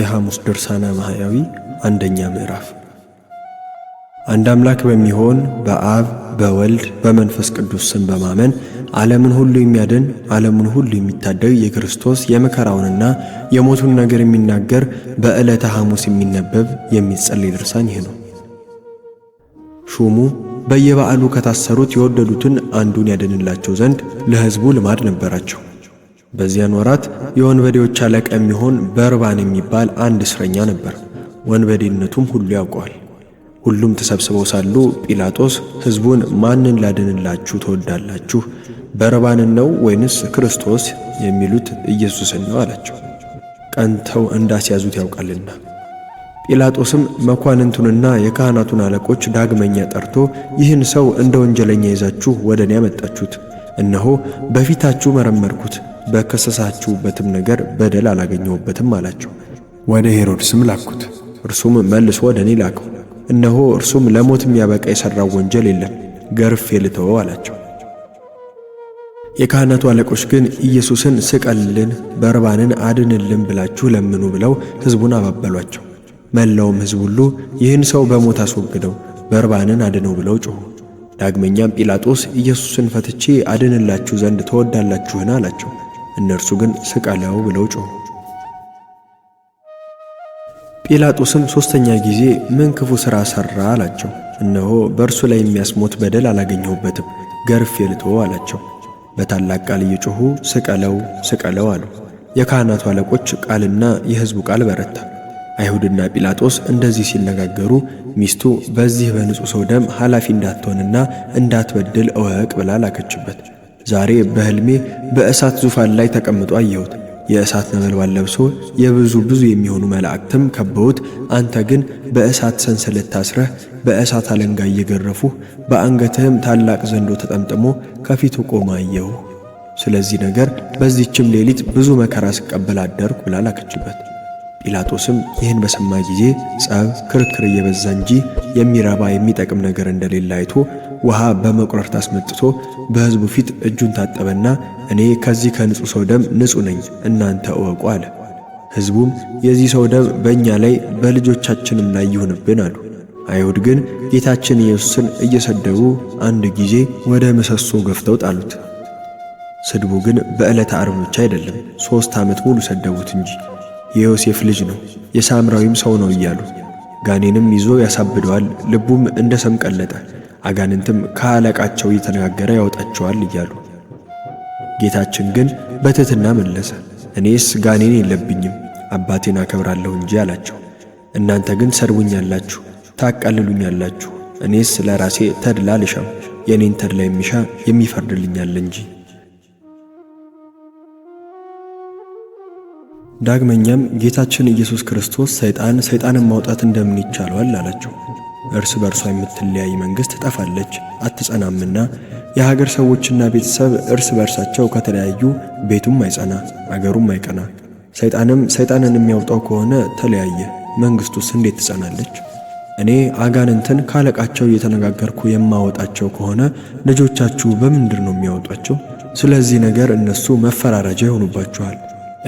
የሐሙስ ድርሳነ ማህያዊ አንደኛ ምዕራፍ። አንድ አምላክ በሚሆን በአብ በወልድ በመንፈስ ቅዱስ ስም በማመን ዓለምን ሁሉ የሚያድን ዓለምን ሁሉ የሚታደግ የክርስቶስ የመከራውንና የሞቱን ነገር የሚናገር በዕለተ ሐሙስ የሚነበብ የሚጸልይ ድርሳን ይህ ነው። ሹሙ በየበዓሉ ከታሰሩት የወደዱትን አንዱን ያድንላቸው ዘንድ ለሕዝቡ ልማድ ነበራቸው። በዚያን ወራት የወንበዴዎች አለቃ የሚሆን በርባን የሚባል አንድ እስረኛ ነበር። ወንበዴነቱም ሁሉ ያውቀዋል። ሁሉም ተሰብስበው ሳሉ ጲላጦስ ሕዝቡን ማንን ላድንላችሁ ትወዳላችሁ? በርባንን ነው ወይንስ ክርስቶስ የሚሉት ኢየሱስን ነው አላቸው፣ ቀንተው እንዳስያዙት ያውቃልና። ጲላጦስም መኳንንቱንና የካህናቱን አለቆች ዳግመኛ ጠርቶ ይህን ሰው እንደ ወንጀለኛ ይዛችሁ ወደ እኔ ያመጣችሁት፣ እነሆ በፊታችሁ መረመርኩት በከሰሳችሁበትም ነገር በደል አላገኘሁበትም አላቸው። ወደ ሄሮድስም ላኩት፣ እርሱም መልሶ ወደ እኔ ላከው። እነሆ እርሱም ለሞት የሚያበቃ የሠራው ወንጀል የለም፣ ገርፌ ልተወው አላቸው። የካህናቱ አለቆች ግን ኢየሱስን ስቀልልን፣ በርባንን አድንልን ብላችሁ ለምኑ ብለው ሕዝቡን አባበሏቸው። መላውም ሕዝብ ሁሉ ይህን ሰው በሞት አስወግደው፣ በርባንን አድነው ብለው ጮኹ። ዳግመኛም ጲላጦስ ኢየሱስን ፈትቼ አድንላችሁ ዘንድ ተወዳላችሁን? አላቸው። እነርሱ ግን ስቀለው ብለው ጮኹ። ጲላጦስም ሦስተኛ ጊዜ ምን ክፉ ሥራ ሠራ አላቸው። እነሆ በእርሱ ላይ የሚያስሞት በደል አላገኘሁበትም፣ ገርፌ ልተወው አላቸው። በታላቅ ቃል እየጮኹ ስቀለው ስቀለው አሉ። የካህናቱ አለቆች ቃልና የሕዝቡ ቃል በረታ። አይሁድና ጲላጦስ እንደዚህ ሲነጋገሩ ሚስቱ በዚህ በንጹሕ ሰው ደም ኃላፊ እንዳትሆንና እንዳትበድል እወቅ ብላ ላከችበት። ዛሬ በሕልሜ በእሳት ዙፋን ላይ ተቀምጦ አየሁት። የእሳት ነበልባል ለብሶ የብዙ ብዙ የሚሆኑ መላእክትም ከበውት፣ አንተ ግን በእሳት ሰንሰለት ታስረህ በእሳት አለንጋ እየገረፉ በአንገትህም ታላቅ ዘንዶ ተጠምጥሞ ከፊቱ ቆመ አየሁ። ስለዚህ ነገር በዚችም ሌሊት ብዙ መከራ ስቀበል አደርኩ ብላ ላከችበት። ጲላጦስም ይህን በሰማ ጊዜ ጸብ፣ ክርክር እየበዛ እንጂ የሚረባ የሚጠቅም ነገር እንደሌለ አይቶ ውሃ በመቁረር ታስመጥቶ በሕዝቡ ፊት እጁን ታጠበና እኔ ከዚህ ከንጹሕ ሰው ደም ንጹሕ ነኝ እናንተ እወቁ አለ። ሕዝቡም የዚህ ሰው ደም በእኛ ላይ በልጆቻችንም ላይ ይሁንብን አሉ። አይሁድ ግን ጌታችን ኢየሱስን እየሰደቡ አንድ ጊዜ ወደ ምሰሶ ገፍተው ጣሉት። ስድቡ ግን በዕለተ ዓርብ ብቻ አይደለም፣ ሦስት ዓመት ሙሉ ሰደቡት እንጂ የዮሴፍ ልጅ ነው የሳምራዊም ሰው ነው እያሉ ጋኔንም ይዞ ያሳብደዋል፣ ልቡም እንደ ሰም ቀለጠ። አጋንንትም ከአለቃቸው እየተነጋገረ ያወጣቸዋል እያሉ ጌታችን ግን በትሕትና መለሰ። እኔስ ጋኔን የለብኝም አባቴን አከብራለሁ እንጂ አላቸው። እናንተ ግን ሰድቡኛላችሁ፣ ታቃልሉኛላችሁ። እኔስ ለራሴ ተድላ አልሻም፣ የእኔን ተድላ የሚሻ የሚፈርድልኛል እንጂ። ዳግመኛም ጌታችን ኢየሱስ ክርስቶስ ሰይጣን ሰይጣንን ማውጣት እንደምን ይቻለዋል አላቸው። እርስ በርሷ የምትለያይ መንግሥት ጠፋለች አትጸናምና የሀገር ሰዎችና ቤተሰብ እርስ በርሳቸው ከተለያዩ ቤቱም አይጸና አገሩም አይቀና። ሰይጣንም ሰይጣንን የሚያውጣው ከሆነ ተለያየ፣ መንግሥቱስ እንዴት ትጸናለች? እኔ አጋንንትን ካለቃቸው እየተነጋገርኩ የማወጣቸው ከሆነ ልጆቻችሁ በምንድር ነው የሚያወጧቸው? ስለዚህ ነገር እነሱ መፈራረጃ ይሆኑባችኋል።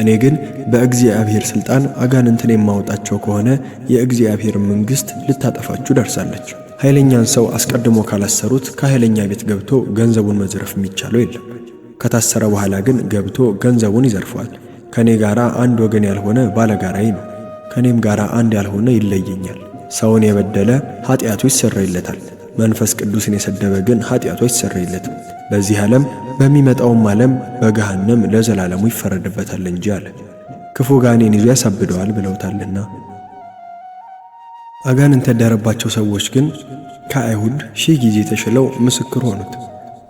እኔ ግን በእግዚአብሔር ሥልጣን አጋንንትን የማወጣቸው ከሆነ የእግዚአብሔር መንግሥት ልታጠፋችሁ ደርሳለች። ኃይለኛን ሰው አስቀድሞ ካላሰሩት ከኃይለኛ ቤት ገብቶ ገንዘቡን መዝረፍ የሚቻለው የለም። ከታሰረ በኋላ ግን ገብቶ ገንዘቡን ይዘርፈዋል። ከእኔ ጋር አንድ ወገን ያልሆነ ባለጋራይ ነው፣ ከእኔም ጋር አንድ ያልሆነ ይለየኛል። ሰውን የበደለ ኃጢአቱ ይሰረይለታል። መንፈስ ቅዱስን የሰደበ ግን ኃጢአቱ አይሰረይለትም። በዚህ ዓለም በሚመጣውም ዓለም በገሃነም ለዘላለሙ ይፈረድበታል እንጂ አለ። ክፉ ጋኔን ይዞ ያሳብደዋል ብለውታልና። አጋንንት ያደረባቸው ሰዎች ግን ከአይሁድ ሺህ ጊዜ ተሽለው ምስክር ሆኑት።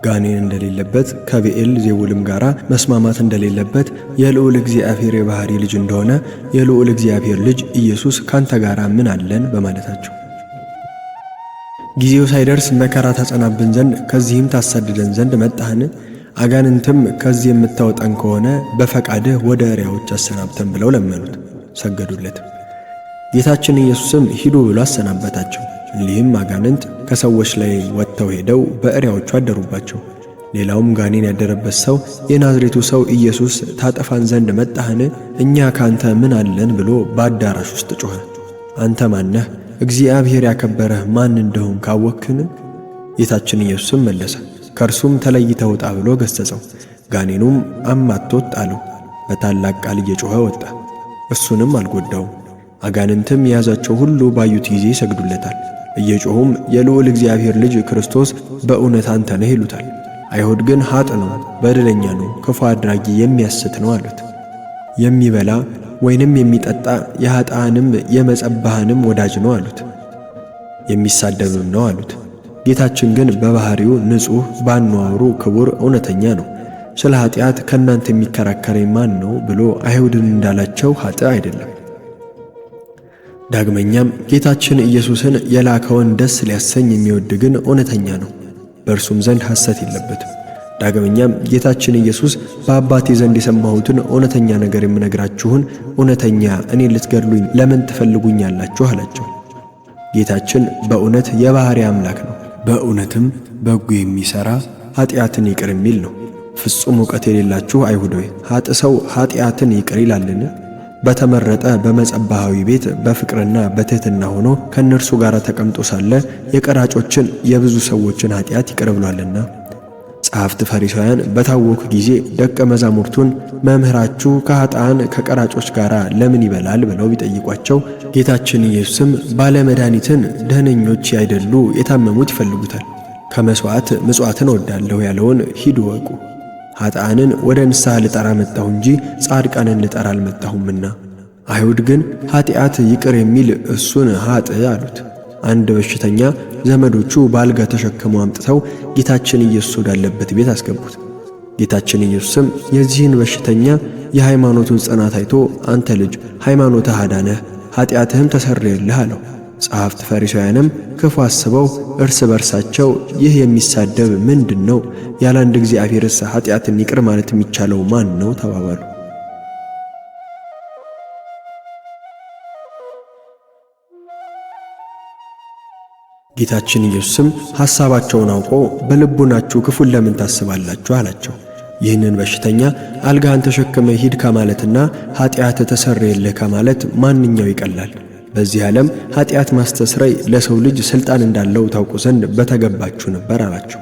ጋኔን እንደሌለበት ከብኤል ዜቡልም ጋር መስማማት እንደሌለበት የልዑል እግዚአብሔር የባሕሪ ልጅ እንደሆነ የልዑል እግዚአብሔር ልጅ ኢየሱስ ካንተ ጋር ምን አለን በማለታቸው ጊዜው ሳይደርስ መከራ ታጸናብን ዘንድ ከዚህም ታሳድደን ዘንድ መጣህን? አጋንንትም ከዚህ የምታወጣን ከሆነ በፈቃድህ ወደ እሪያዎች አሰናብተን ብለው ለመኑት፣ ሰገዱለት። ጌታችን ኢየሱስም ሂዱ ብሎ አሰናበታቸው። እንዲህም አጋንንት ከሰዎች ላይ ወጥተው ሄደው በእሪያዎቹ አደሩባቸው። ሌላውም ጋኔን ያደረበት ሰው የናዝሬቱ ሰው ኢየሱስ ታጠፋን ዘንድ መጣህን? እኛ ካንተ ምን አለን? ብሎ በአዳራሽ ውስጥ ጮኸ። አንተ ማነህ? እግዚአብሔር ያከበረህ ማን እንደሆን ካወክን? ጌታችን ኢየሱስም መለሰ ከእርሱም ተለይተህ ውጣ ብሎ ገሰጸው ጋኔኑም አማቶት አለው በታላቅ ቃል እየጮኸ ወጣ፣ እሱንም አልጎዳውም። አጋንንትም የያዛቸው ሁሉ ባዩት ጊዜ ይሰግዱለታል፣ እየጮኹም የልዑል እግዚአብሔር ልጅ ክርስቶስ በእውነት አንተ ነህ ይሉታል። አይሁድ ግን ሀጥ ነው፣ በደለኛ ነው፣ ክፉ አድራጊ፣ የሚያስት ነው አሉት። የሚበላ ወይንም የሚጠጣ የኀጣህንም የመጸባህንም ወዳጅ ነው አሉት። የሚሳደብም ነው አሉት። ጌታችን ግን በባህሪው ንጹሕ፣ ባኗዋሩ ክቡር፣ እውነተኛ ነው። ስለ ኃጢአት ከእናንተ የሚከራከረኝ ማን ነው ብሎ አይሁድን እንዳላቸው ኃጥ አይደለም። ዳግመኛም ጌታችን ኢየሱስን የላከውን ደስ ሊያሰኝ የሚወድ ግን እውነተኛ ነው፣ በእርሱም ዘንድ ሐሰት የለበትም። ዳግመኛም ጌታችን ኢየሱስ በአባቴ ዘንድ የሰማሁትን እውነተኛ ነገር የምነግራችሁን እውነተኛ እኔ ልትገድሉኝ ለምን ትፈልጉኛላችሁ? አላቸው። ጌታችን በእውነት የባሕርይ አምላክ ነው። በእውነትም በጎ የሚሠራ ኀጢአትን ይቅር የሚል ነው። ፍጹም ዕውቀት የሌላችሁ አይሁድ ሆይ ኀጥ ሰው ኀጢአትን ይቅር ይላልን? በተመረጠ በመጸባሃዊ ቤት በፍቅርና በትሕትና ሆኖ ከእነርሱ ጋር ተቀምጦ ሳለ የቀራጮችን የብዙ ሰዎችን ኀጢአት ይቅር ብሏልና ጸሐፍት ፈሪሳውያን በታወኩ ጊዜ ደቀ መዛሙርቱን መምህራችሁ ከኃጥአን ከቀራጮች ጋር ለምን ይበላል ብለው ቢጠይቋቸው ጌታችን ኢየሱስም ባለመድኃኒትን ደህነኞች ያይደሉ የታመሙት ይፈልጉታል፣ ከመሥዋዕት ምጽዋትን ወዳለሁ ያለውን ሂዱ ወቁ፣ ኃጥአንን ወደ ንስሐ ልጠራ መጣሁ እንጂ ጻድቃንን ልጠራ አልመጣሁምና። አይሁድ ግን ኃጢአት ይቅር የሚል እሱን ኃጥ አሉት። አንድ በሽተኛ ዘመዶቹ በአልጋ ተሸክመው አምጥተው ጌታችን ኢየሱስ ወዳለበት ቤት አስገቡት። ጌታችን ኢየሱስም የዚህን በሽተኛ የሃይማኖቱን ጽናት አይቶ አንተ ልጅ ሃይማኖትህ አዳነህ፣ ኃጢአትህም ተሰረየልህ አለው። ጸሐፍት ፈሪሳውያንም ክፉ አስበው እርስ በርሳቸው ይህ የሚሳደብ ምንድን ነው? ያለ አንድ እግዚአብሔርስ ኃጢአትን ይቅር ማለት የሚቻለው ማን ነው? ተባባሉ። ጌታችን ኢየሱስም ሐሳባቸውን አውቆ በልቡናችሁ ክፉን ለምን ታስባላችሁ አላቸው። ይህንን በሽተኛ አልጋህን ተሸክመ ሂድ ከማለትና ኀጢአት ተሰረየልህ ከማለት ማንኛው ይቀላል? በዚህ ዓለም ኀጢአት ማስተስረይ ለሰው ልጅ ሥልጣን እንዳለው ታውቁ ዘንድ በተገባችሁ ነበር አላቸው።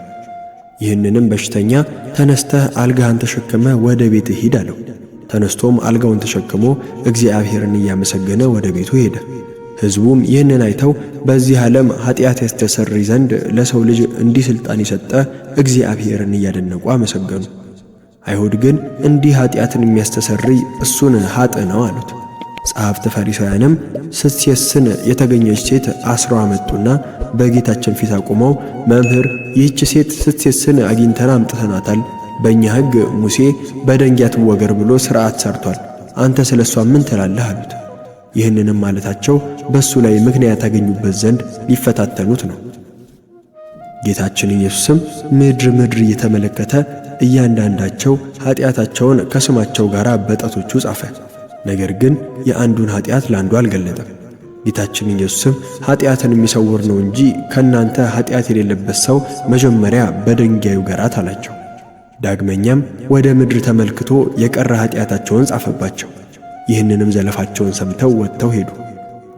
ይህንንም በሽተኛ ተነስተህ አልጋህን ተሸክመ ወደ ቤት ሂድ አለው። ተነስቶም አልጋውን ተሸክሞ እግዚአብሔርን እያመሰገነ ወደ ቤቱ ሄደ። ሕዝቡም ይህንን አይተው በዚህ ዓለም ኃጢአት ያስተሰርይ ዘንድ ለሰው ልጅ እንዲህ ሥልጣን የሰጠ እግዚአብሔርን እያደነቁ አመሰገኑ። አይሁድ ግን እንዲህ ኃጢአትን የሚያስተሰርይ እሱን ኀጥ ነው አሉት። ጸሐፍት ፈሪሳውያንም ስትሴስን የተገኘች ሴት አስረው አመጡና በጌታችን ፊት አቁመው መምህር፣ ይህች ሴት ስትሴስን አግኝተን አምጥተናታል። በእኛ ሕግ ሙሴ በደንጊያ ትወገር ብሎ ሥርዓት ሠርቷል። አንተ ስለ እሷ ምን ትላለህ? አሉት። ይህንንም ማለታቸው በእሱ ላይ ምክንያት ያገኙበት ዘንድ ሊፈታተኑት ነው። ጌታችን ኢየሱስም ምድር ምድር እየተመለከተ እያንዳንዳቸው ኀጢአታቸውን ከስማቸው ጋር በጠቶቹ ጻፈ። ነገር ግን የአንዱን ኀጢአት ለአንዱ አልገለጠም። ጌታችን ኢየሱስም ኀጢአትን የሚሰውር ነው እንጂ ከእናንተ ኀጢአት የሌለበት ሰው መጀመሪያ በድንጋዩ ገራት አላቸው። ዳግመኛም ወደ ምድር ተመልክቶ የቀረ ኀጢአታቸውን ጻፈባቸው። ይህንንም ዘለፋቸውን ሰምተው ወጥተው ሄዱ።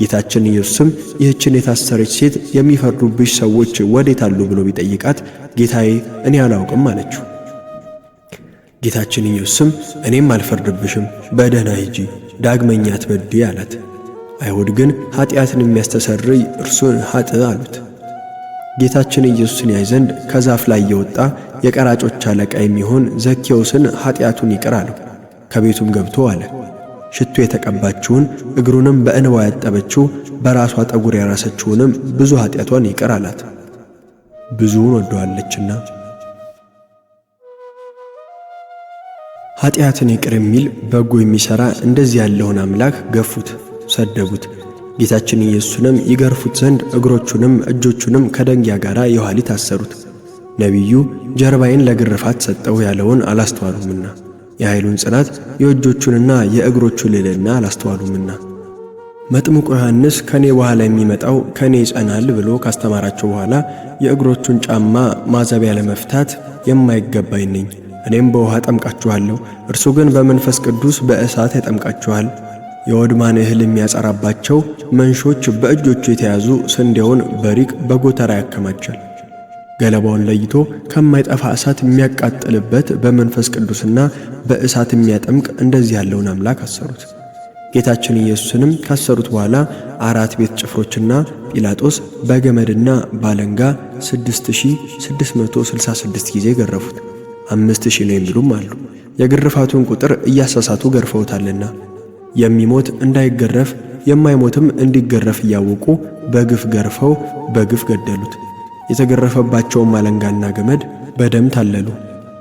ጌታችን ኢየሱስም ይህችን የታሰረች ሴት የሚፈርዱብሽ ሰዎች ወዴት አሉ ብሎ ቢጠይቃት ጌታዬ እኔ አላውቅም አለችው። ጌታችን ኢየሱስም እኔም አልፈርድብሽም፣ በደህና ሂጂ፣ ዳግመኛ አትበድይ አላት። አይሁድ ግን ኀጢአትን የሚያስተሰርይ እርሱን ኃጥ አሉት። ጌታችን ኢየሱስን ያይ ዘንድ ከዛፍ ላይ የወጣ የቀራጮች አለቃ የሚሆን ዘኬዎስን ኀጢአቱን ይቅር አለው። ከቤቱም ገብቶ አለ ሽቱ የተቀባችውን እግሩንም በእንባ ያጠበችው በራሷ ጠጉር ያራሰችውንም ብዙ ኃጢአቷን ይቅር አላት፣ ብዙውን ወደዋለችና። ኃጢአትን ይቅር የሚል በጎ የሚሠራ እንደዚህ ያለውን አምላክ ገፉት፣ ሰደቡት። ጌታችን ኢየሱስንም ይገርፉት ዘንድ እግሮቹንም እጆቹንም ከደንጊያ ጋር የኋሊት አሰሩት። ነቢዩ ጀርባዬን ለግርፋት ሰጠው ያለውን አላስተዋሉምና የኃይሉን ጽናት የእጆቹንና የእግሮቹን ልዕልና አላስተዋሉምና። መጥምቁ ዮሐንስ ከኔ በኋላ የሚመጣው ከኔ ይጸናል ብሎ ካስተማራቸው በኋላ የእግሮቹን ጫማ ማዘቢያ ለመፍታት የማይገባኝ ነኝ፣ እኔም በውሃ ጠምቃችኋለሁ፣ እርሱ ግን በመንፈስ ቅዱስ በእሳት ያጠምቃችኋል። የወድማን እህል የሚያጸራባቸው መንሾች በእጆቹ የተያዙ ስንዴውን በሪቅ በጎተራ ያከማቻል። ገለባውን ለይቶ ከማይጠፋ እሳት የሚያቃጥልበት በመንፈስ ቅዱስና በእሳት የሚያጠምቅ እንደዚህ ያለውን አምላክ አሰሩት። ጌታችን ኢየሱስንም ካሰሩት በኋላ አራት ቤት ጭፍሮችና ጲላጦስ በገመድና ባለንጋ 6666 ጊዜ ገረፉት። አምስት ሺህ ነው የሚሉም አሉ። የግርፋቱን ቁጥር እያሳሳቱ ገርፈውታልና የሚሞት እንዳይገረፍ የማይሞትም እንዲገረፍ እያወቁ በግፍ ገርፈው በግፍ ገደሉት። የተገረፈባቸውም አለንጋና ገመድ በደም ታለሉ።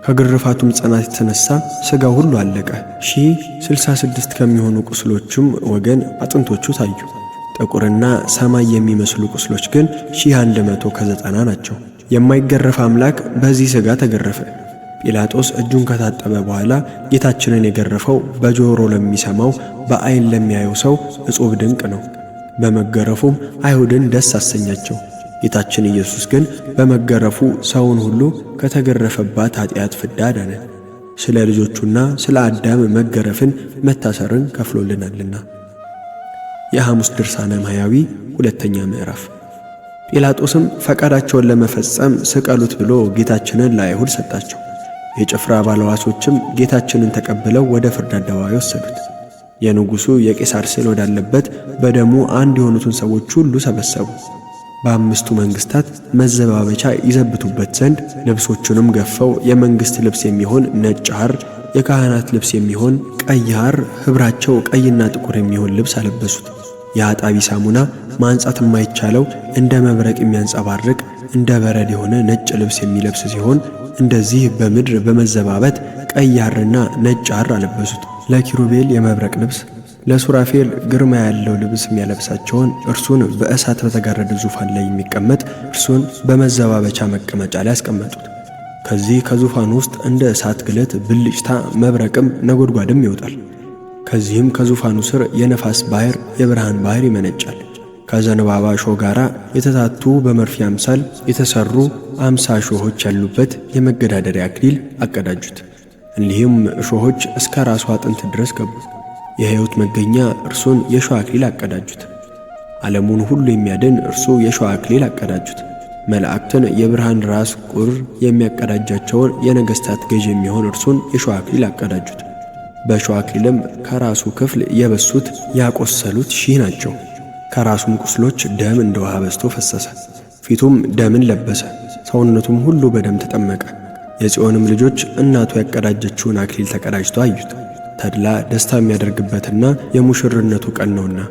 ከግርፋቱም ጽናት የተነሳ ሥጋ ሁሉ አለቀ። ሺህ ስልሳ ስድስት ከሚሆኑ ቁስሎቹም ወገን አጥንቶቹ ታዩ። ጥቁርና ሰማይ የሚመስሉ ቁስሎች ግን ሺህ አንድ መቶ ከዘጠና ናቸው። የማይገረፍ አምላክ በዚህ ሥጋ ተገረፈ። ጲላጦስ እጁን ከታጠበ በኋላ ጌታችንን የገረፈው በጆሮ ለሚሰማው በዐይን ለሚያየው ሰው እጹብ ድንቅ ነው። በመገረፉም አይሁድን ደስ አሰኛቸው። ጌታችን ኢየሱስ ግን በመገረፉ ሰውን ሁሉ ከተገረፈባት ኃጢአት ፍዳ አዳነ። ስለ ልጆቹና ስለ አዳም መገረፍን መታሰርን ከፍሎልናልና። የሐሙስ ድርሳነ ማያዊ ሁለተኛ ምዕራፍ። ጲላጦስም ፈቃዳቸውን ለመፈጸም ስቀሉት ብሎ ጌታችንን ለአይሁድ ሰጣቸው። የጭፍራ ባለዋሶችም ጌታችንን ተቀብለው ወደ ፍርድ አደባባይ ወሰዱት። የንጉሡ የቄሳር ስዕል ወዳለበት በደሙ አንድ የሆኑትን ሰዎች ሁሉ ሰበሰቡ። በአምስቱ መንግስታት መዘባበቻ ይዘብቱበት ዘንድ ልብሶቹንም ገፈው የመንግስት ልብስ የሚሆን ነጭ ሐር፣ የካህናት ልብስ የሚሆን ቀይ ሐር፣ ኅብራቸው ቀይና ጥቁር የሚሆን ልብስ አለበሱት። የአጣቢ ሳሙና ማንጻት የማይቻለው እንደ መብረቅ የሚያንጸባርቅ እንደ በረድ የሆነ ነጭ ልብስ የሚለብስ ሲሆን እንደዚህ በምድር በመዘባበት ቀይ ሐርና ነጭ ሐር አለበሱት። ለኪሩቤል የመብረቅ ልብስ ለሱራፌል ግርማ ያለው ልብስ የሚያለብሳቸውን እርሱን በእሳት በተጋረደ ዙፋን ላይ የሚቀመጥ እርሱን በመዘባበቻ መቀመጫ ላይ አስቀመጡት። ከዚህ ከዙፋን ውስጥ እንደ እሳት ግለት ብልጭታ፣ መብረቅም ነጎድጓድም ይወጣል። ከዚህም ከዙፋኑ ስር የነፋስ ባሕር፣ የብርሃን ባሕር ይመነጫል። ከዘንባባ እሾህ ጋር የተታቱ በመርፌ አምሳል የተሰሩ አምሳ እሾሆች ያሉበት የመገዳደሪያ አክሊል አቀዳጁት። እንዲህም እሾሆች እስከ ራሱ አጥንት ድረስ ገቡት። የሕይወት መገኛ እርሱን የሸዋ አክሊል አቀዳጁት። ዓለሙን ሁሉ የሚያድን እርሱ የሸዋ አክሊል አቀዳጁት። መላእክትን የብርሃን ራስ ቁር የሚያቀዳጃቸውን የነገሥታት ገዥ የሚሆን እርሱን የሸዋ አክሊል አቀዳጁት። በሸዋ አክሊልም ከራሱ ክፍል የበሱት ያቆሰሉት ሺህ ናቸው። ከራሱም ቁስሎች ደም እንደ ውሃ በዝቶ ፈሰሰ። ፊቱም ደምን ለበሰ፣ ሰውነቱም ሁሉ በደም ተጠመቀ። የጽዮንም ልጆች እናቱ ያቀዳጀችውን አክሊል ተቀዳጅቶ አዩት። ተድላ ደስታ የሚያደርግበትና የሙሽርነቱ ቀን ነውና።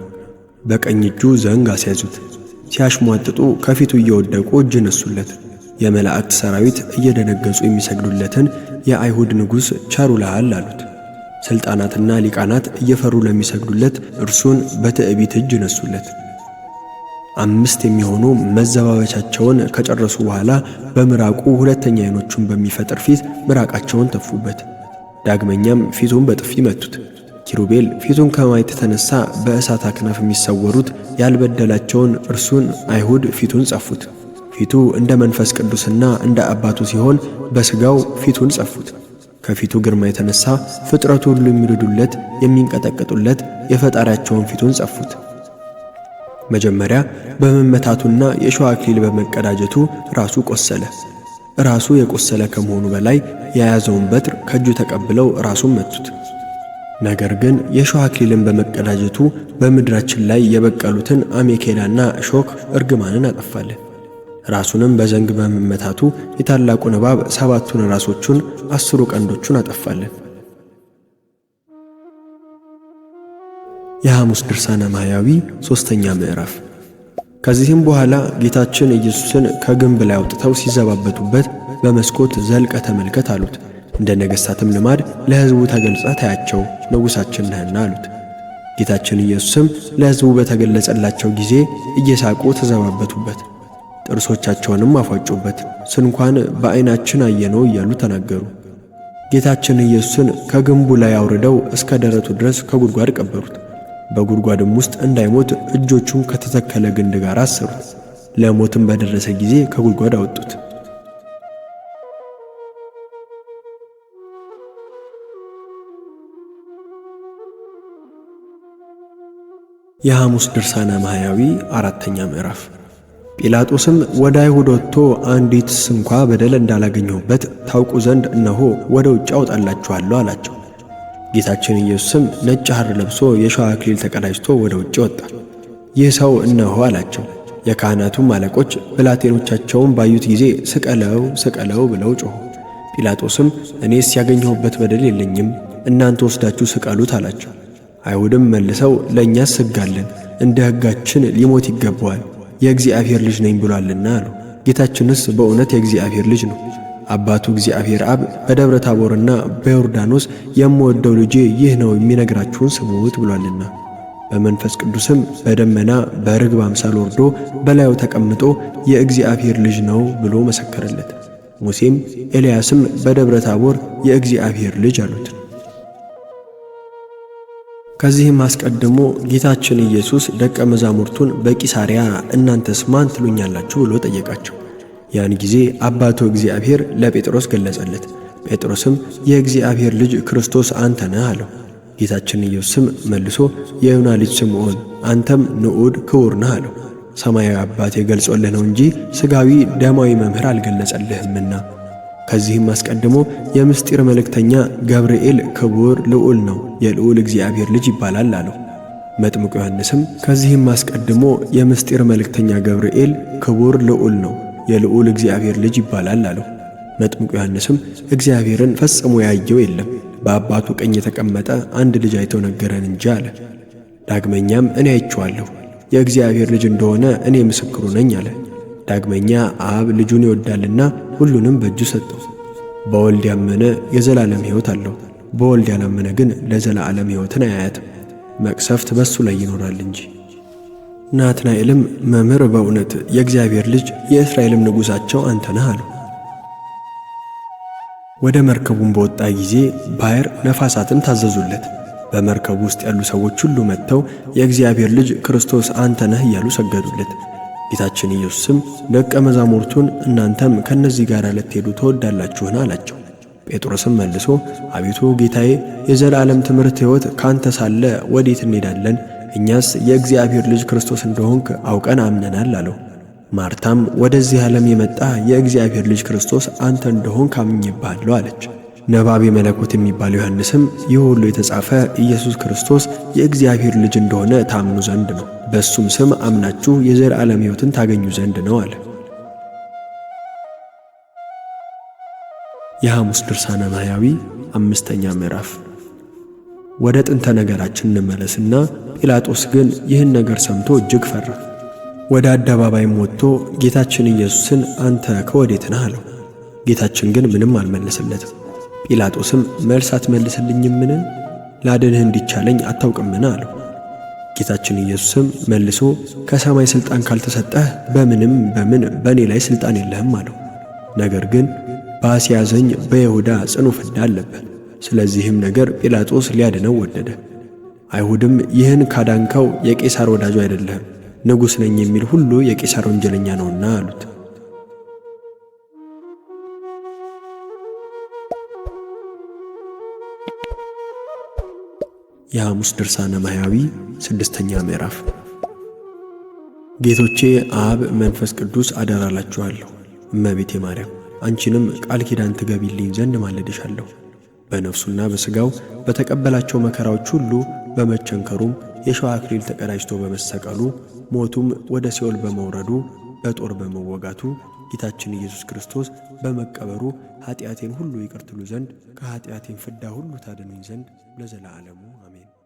በቀኝ እጁ ዘንግ አስያዙት። ሲያሽሟጥጡ ከፊቱ እየወደቁ እጅ ነሱለት። የመላእክት ሰራዊት እየደነገጹ የሚሰግዱለትን የአይሁድ ንጉሥ ቸሩ አሉት። ሥልጣናትና ሊቃናት እየፈሩ ለሚሰግዱለት እርሱን በትዕቢት እጅ ነሱለት። አምስት የሚሆኑ መዘባበቻቸውን ከጨረሱ በኋላ በምራቁ ሁለተኛ ዓይኖቹን በሚፈጥር ፊት ምራቃቸውን ተፉበት። ዳግመኛም ፊቱን በጥፊ መቱት። ኪሩቤል ፊቱን ከማየት የተነሳ በእሳት አክናፍ የሚሰወሩት ያልበደላቸውን እርሱን አይሁድ ፊቱን ጸፉት። ፊቱ እንደ መንፈስ ቅዱስና እንደ አባቱ ሲሆን በሥጋው ፊቱን ጸፉት። ከፊቱ ግርማ የተነሳ ፍጥረቱ ሁሉ የሚርዱለት የሚንቀጠቀጡለት የፈጣሪያቸውን ፊቱን ጸፉት። መጀመሪያ በመመታቱና የሸዋ አክሊል በመቀዳጀቱ ራሱ ቆሰለ። ራሱ የቆሰለ ከመሆኑ በላይ የያዘውን በትር ከእጁ ተቀብለው ራሱን መቱት። ነገር ግን የሾህ አክሊልን በመቀዳጀቱ በምድራችን ላይ የበቀሉትን አሜኬላና ሾክ እርግማንን አጠፋለ። ራሱንም በዘንግ በመመታቱ የታላቁ ንባብ ሰባቱን ራሶቹን አስሩ ቀንዶቹን አጠፋለን። የሐሙስ ድርሳነ ማህያዊ ሦስተኛ ምዕራፍ ከዚህም በኋላ ጌታችን ኢየሱስን ከግንብ ላይ አውጥተው ሲዘባበቱበት በመስኮት ዘልቀ ተመልከት አሉት። እንደ ነገሥታትም ልማድ ለሕዝቡ ተገልጻ ታያቸው ንጉሣችን ነህና አሉት። ጌታችን ኢየሱስም ለሕዝቡ በተገለጸላቸው ጊዜ እየሳቁ ተዘባበቱበት፣ ጥርሶቻቸውንም አፏጩበት። ስንኳን በዐይናችን አየነው እያሉ ተናገሩ። ጌታችን ኢየሱስን ከግንቡ ላይ አውርደው እስከ ደረቱ ድረስ ከጉድጓድ ቀበሩት። በጉድጓድም ውስጥ እንዳይሞት እጆቹን ከተተከለ ግንድ ጋር አሰሩት። ለሞትም በደረሰ ጊዜ ከጉድጓድ አወጡት። የሐሙስ ድርሳነ ማህያዊ አራተኛ ምዕራፍ ጲላጦስም ወደ አይሁድ ወጥቶ አንዲት ስንኳ በደል እንዳላገኘሁበት ታውቁ ዘንድ እነሆ ወደ ውጭ አውጣላችኋለሁ አላቸው። ጌታችን ኢየሱስም ነጭ ሐር ለብሶ የሸዋ አክሊል ተቀዳጅቶ ወደ ውጭ ወጣ። ይህ ሰው እነሆ አላቸው። የካህናቱም አለቆች ብላቴኖቻቸውን ባዩት ጊዜ ስቀለው ስቀለው ብለው ጮኹ። ጲላጦስም እኔስ ያገኘሁበት በደል የለኝም፣ እናንተ ወስዳችሁ ስቀሉት አላቸው። አይሁድም መልሰው ለእኛስ ሕግ አለን፣ እንደ ሕጋችን ሊሞት ይገባዋል፣ የእግዚአብሔር ልጅ ነኝ ብሏልና አሉ። ጌታችንስ በእውነት የእግዚአብሔር ልጅ ነው አባቱ እግዚአብሔር አብ በደብረ ታቦርና በዮርዳኖስ የምወደው ልጄ ይህ ነው የሚነግራችሁን ስሙት ብሏልና በመንፈስ ቅዱስም በደመና በርግብ አምሳል ወርዶ በላዩ ተቀምጦ የእግዚአብሔር ልጅ ነው ብሎ መሰከረለት። ሙሴም ኤልያስም በደብረ ታቦር የእግዚአብሔር ልጅ አሉት። ከዚህም አስቀድሞ ጌታችን ኢየሱስ ደቀ መዛሙርቱን በቂሳሪያ እናንተስ ማን ትሉኛላችሁ ብሎ ጠየቃቸው። ያን ጊዜ አባቱ እግዚአብሔር ለጴጥሮስ ገለጸለት። ጴጥሮስም የእግዚአብሔር ልጅ ክርስቶስ አንተ ነህ አለው። ጌታችን ኢየሱስም መልሶ የዮና ልጅ ስምዖን አንተም ንዑድ ክቡር ነህ አለው። ሰማያዊ አባቴ ገልጾልህ ነው እንጂ ሥጋዊ ደማዊ መምህር አልገለጸልህምና። ከዚህም አስቀድሞ የምስጢር መልእክተኛ ገብርኤል ክቡር ልዑል ነው፣ የልዑል እግዚአብሔር ልጅ ይባላል አለው። መጥምቁ ዮሐንስም ከዚህም አስቀድሞ የምስጢር መልእክተኛ ገብርኤል ክቡር ልዑል ነው የልዑል እግዚአብሔር ልጅ ይባላል አለው። መጥምቁ ዮሐንስም እግዚአብሔርን ፈጽሞ ያየው የለም፣ በአባቱ ቀኝ የተቀመጠ አንድ ልጅ አይተው ነገረን እንጂ አለ። ዳግመኛም እኔ አይቼዋለሁ፣ የእግዚአብሔር ልጅ እንደሆነ እኔ ምስክሩ ነኝ አለ። ዳግመኛ አብ ልጁን ይወዳልና ሁሉንም በእጁ ሰጠው። በወልድ ያመነ የዘላለም ሕይወት አለው፣ በወልድ ያላመነ ግን ለዘላለም ሕይወትን አያያትም፣ መቅሰፍት በሱ ላይ ይኖራል እንጂ ናትናኤልም መምህር፣ በእውነት የእግዚአብሔር ልጅ የእስራኤልም ንጉሣቸው አንተ ነህ ወደ መርከቡም በወጣ ጊዜ ባሕር ነፋሳትን ታዘዙለት። በመርከቡ ውስጥ ያሉ ሰዎች ሁሉ መጥተው የእግዚአብሔር ልጅ ክርስቶስ አንተ ነህ እያሉ ሰገዱለት። ጌታችን ኢየሱስም ደቀ መዛሙርቱን እናንተም ከእነዚህ ጋር ልትሄዱ ትወዳላችሁን? አላቸው። ጴጥሮስም መልሶ አቤቱ ጌታዬ፣ የዘላለም ትምህርት ሕይወት ካንተ ሳለ ወዴት እንሄዳለን? እኛስ የእግዚአብሔር ልጅ ክርስቶስ እንደሆንክ አውቀን አምነናል አለው። ማርታም ወደዚህ ዓለም የመጣ የእግዚአብሔር ልጅ ክርስቶስ አንተ እንደሆንክ አምኜብሃለሁ አለች። ነባቤ መለኮት የሚባለው ዮሐንስም ይህ ሁሉ የተጻፈ ኢየሱስ ክርስቶስ የእግዚአብሔር ልጅ እንደሆነ ታምኑ ዘንድ ነው፣ በእሱም ስም አምናችሁ የዘር ዓለም ሕይወትን ታገኙ ዘንድ ነው አለ። የሐሙስ ድርሳነ ማያዊ አምስተኛ ምዕራፍ ወደ ጥንተ ነገራችን እንመለስና ጲላጦስ ግን ይህን ነገር ሰምቶ እጅግ ፈራ። ወደ አደባባይም ወጥቶ ጌታችን ኢየሱስን አንተ ከወዴት ነህ አለው። ጌታችን ግን ምንም አልመለሰለትም። ጲላጦስም መልስ አትመልስልኝምን? ላድንህ እንዲቻለኝ አታውቅምን? አለው። ጌታችን ኢየሱስም መልሶ ከሰማይ ሥልጣን ካልተሰጠህ በምንም በምን በእኔ ላይ ሥልጣን የለህም አለው። ነገር ግን በአስያዘኝ በይሁዳ ጽኑ ፍዳ አለብን ስለዚህም ነገር ጲላጦስ ሊያድነው ወደደ። አይሁድም ይህን ካዳንከው የቄሳር ወዳጁ አይደለህም፣ ንጉሥ ነኝ የሚል ሁሉ የቄሳር ወንጀለኛ ነውና አሉት። የሐሙስ ድርሳነ ማያዊ ስድስተኛ ምዕራፍ ጌቶቼ አብ መንፈስ ቅዱስ አደራላችኋለሁ። እመቤቴ ማርያም አንቺንም ቃል ኪዳን ትገቢልኝ ዘንድ ማለድሻለሁ። በነፍሱና በሥጋው በተቀበላቸው መከራዎች ሁሉ በመቸንከሩም የሸዋ አክሊል ተቀዳጅቶ በመሰቀሉ ሞቱም ወደ ሲኦል በመውረዱ በጦር በመወጋቱ ጌታችን ኢየሱስ ክርስቶስ በመቀበሩ ኃጢአቴን ሁሉ ይቅርትሉ ዘንድ ከኃጢአቴን ፍዳ ሁሉ ታድኑኝ ዘንድ ለዘላለሙ አሜን።